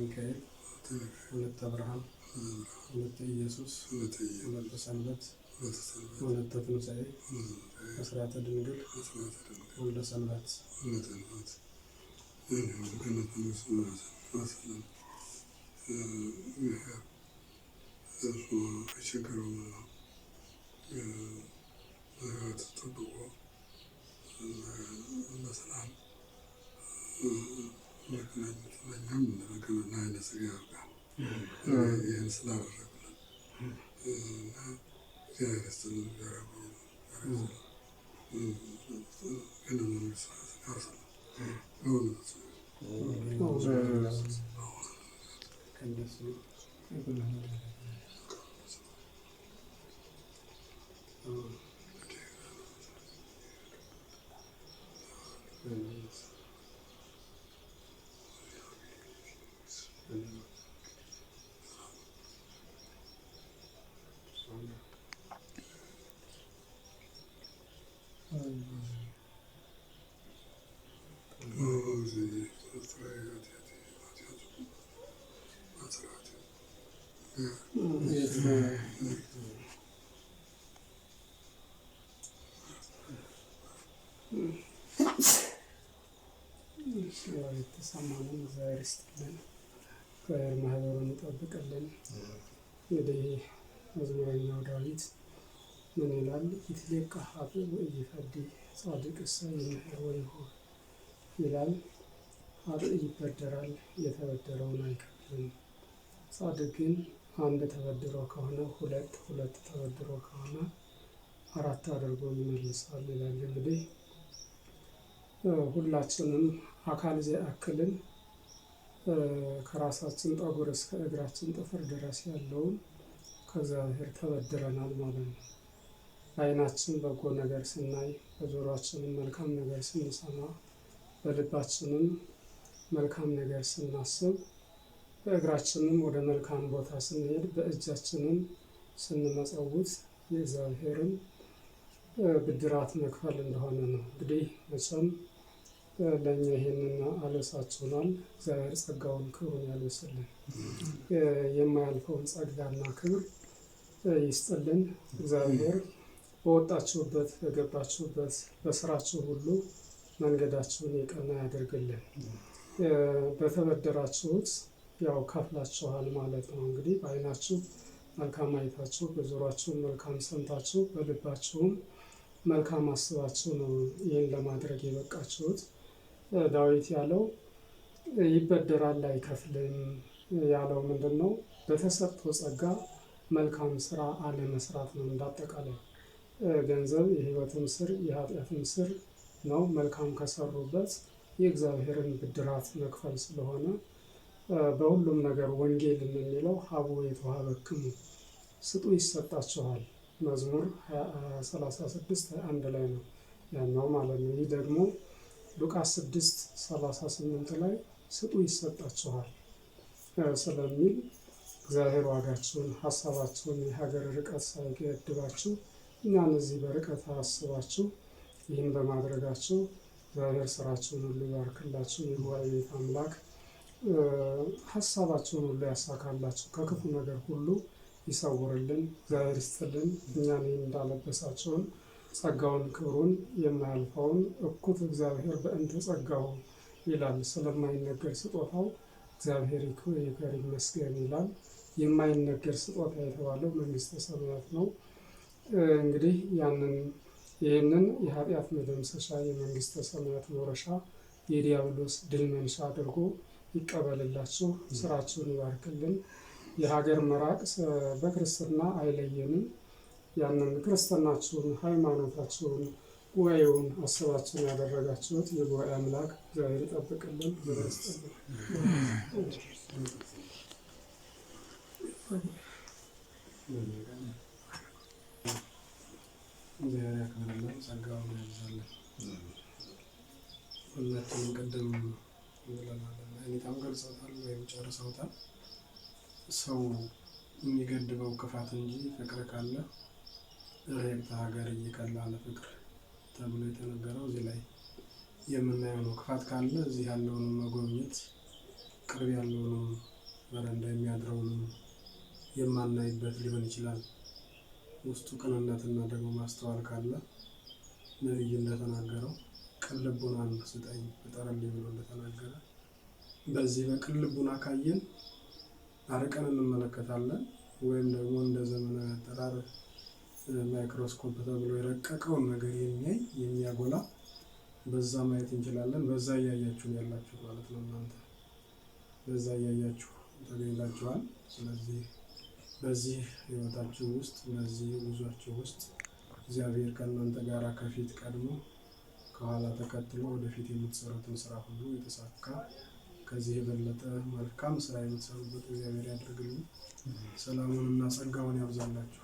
ሚካኤል ሁለት አብርሃም ሁለት ኢየሱስ ሁለት ሰንበት ሁለት ትንሣኤ አስራተ ድንግል ወልደ ሰንበት የቸገረው ተጠብቆ በሰላም Mm-hmm. የተሰማንን እግዚአብሔር ይስጥልን። እግዚአብሔር ማህበሩን ይጠብቅልን። እንግዲህ መዝሙረኛው ዳዊት ምን ይላል? ኢትሌቃ ሀፍዕ ወኢይፈዲ ጻድቅሰ ይምህር ወይሁብ ይላል። ሀፍዕ ይበደራል የተበደረውን አይከፍልም። ጻድቅ ግን አንድ ተበድሮ ከሆነ ሁለት ሁለት ተበድሮ ከሆነ አራት አድርጎ ይመልሳል ይላል። እንግዲህ ሁላችንም አካል አክልን ከራሳችን ጠጉር እስከ እግራችን ጥፍር ድረስ ያለውን ከእግዚአብሔር ተበድረናል ማለት ነው። በአይናችን በጎ ነገር ስናይ፣ በጆሮአችንም መልካም ነገር ስንሰማ፣ በልባችንም መልካም ነገር ስናስብ፣ በእግራችንም ወደ መልካም ቦታ ስንሄድ፣ በእጃችንም ስንመጸውት የእግዚአብሔርን ብድራት መክፈል እንደሆነ ነው። እንግዲህ መቼም ለእኛ ይሄንን አለሳችሁናል። እግዚአብሔር ጸጋውን ክብሩን ያልብስልን፣ የማያልፈውን ጸጋና ክብር ይስጥልን እግዚአብሔር በወጣችሁበት በገባችሁበት በስራችሁ ሁሉ መንገዳችሁን የቀና ያደርግልን። በተበደራችሁት ያው ከፍላችኋል ማለት ነው። እንግዲህ በአይናችሁ መልካም አይታችሁ፣ በጆሯችሁም መልካም ሰምታችሁ፣ በልባችሁም መልካም አስባችሁ ነው ይህን ለማድረግ የበቃችሁት። ዳዊት ያለው ይበደራል አይከፍልም ያለው ምንድን ነው? በተሰጥቶ ጸጋ መልካም ስራ አለመስራት ነው እንዳጠቃላይ ገንዘብ የሕይወትም ስር የኃጢአትም ስር ነው። መልካም ከሰሩበት የእግዚአብሔርን ብድራት መክፈል ስለሆነ በሁሉም ነገር ወንጌል የምንለው ሀቡ የተዋሃበክሙ ስጡ ይሰጣችኋል፣ መዝሙር 36 አንድ ላይ ነው ያነው ማለት ነው። ይህ ደግሞ ሉቃስ 6 38 ላይ ስጡ ይሰጣችኋል ስለሚል እግዚአብሔር ዋጋችሁን፣ ሀሳባችሁን የሀገር ርቀት ሳይገድባችሁ እና እነዚህ በርቀት አስባችሁ ይህን በማድረጋችሁ እግዚአብሔር ስራችሁን ሁሉ ይባርክላችሁ። የጉባኤ ቤት አምላክ ሀሳባችሁን ሁሉ ያሳካላችሁ፣ ከክፉ ነገር ሁሉ ይሰውርልን። እግዚአብሔር ይስጥልን። እኛን ይህን እንዳለበሳቸውን ጸጋውን፣ ክብሩን የማያልፈውን እኩት እግዚአብሔር በእንተ ጸጋው ይላል ስለማይነገር ስጦታው እግዚአብሔር ይክበር ይመስገን ይላል። የማይነገር ስጦታ የተባለው መንግስተ ሰማያት ነው። እንግዲህ ያንን ይህንን የኃጢአት መደምሰሻ የመንግስተ ሰማያት መውረሻ የዲያብሎስ ድል መንሻ አድርጎ ይቀበልላችሁ፣ ስራችሁን ይባርክልን። የሀገር መራቅ በክርስትና አይለየንም። ያንን ክርስትናችሁን፣ ሃይማኖታችሁን፣ ወይውን አስባችሁን ያደረጋችሁት የጉባኤ አምላክ እግዚአብሔር ይጠብቅልን። እግዚአብሔር ያክብርልን፣ ጸጋውን ያብዛልን። ሁላችንም ቅድም ብለናልና እኔታም ገልጸውታል ወይም ጨርሰውታል። ሰው የሚገድበው ክፋት እንጂ ፍቅር ካለ ርሄብተ ሀገር እየቀላለ ፍቅር ተብሎ የተነገረው እዚህ ላይ የምናየው ነው። ክፋት ካለ እዚህ ያለውንም መጎብኘት ቅርብ ያለውንም በረንዳ የሚያድረውንም የማናይበት ሊሆን ይችላል። ውስጡ ቅንነትና ደግሞ ማስተዋል ካለ ነቢይ እንደተናገረው ቅልቡናን ስጠኝ ፍጠርልኝ ብሎ እንደተናገረ በዚህ በቅልቡና ካየን አርቀን እንመለከታለን ወይም ደግሞ እንደ ዘመናዊ አጠራር ማይክሮስኮፕ ተብሎ የረቀቀውን ነገር የሚያይ የሚያጎላ በዛ ማየት እንችላለን። በዛ እያያችሁ ያላችሁ ማለት ነው። እናንተ በዛ እያያችሁ ተገኝታችኋል። ስለዚህ በዚህ ህይወታችሁ ውስጥ በዚህ ጉዟችሁ ውስጥ እግዚአብሔር ከእናንተ ጋር ከፊት ቀድሞ ከኋላ ተከትሎ ወደፊት የምትሰሩትን ስራ ሁሉ የተሳካ ከዚህ የበለጠ መልካም ስራ የምትሰሩበት እግዚአብሔር ያደርግልን። ሰላሙን እና ጸጋውን ያብዛላችሁ።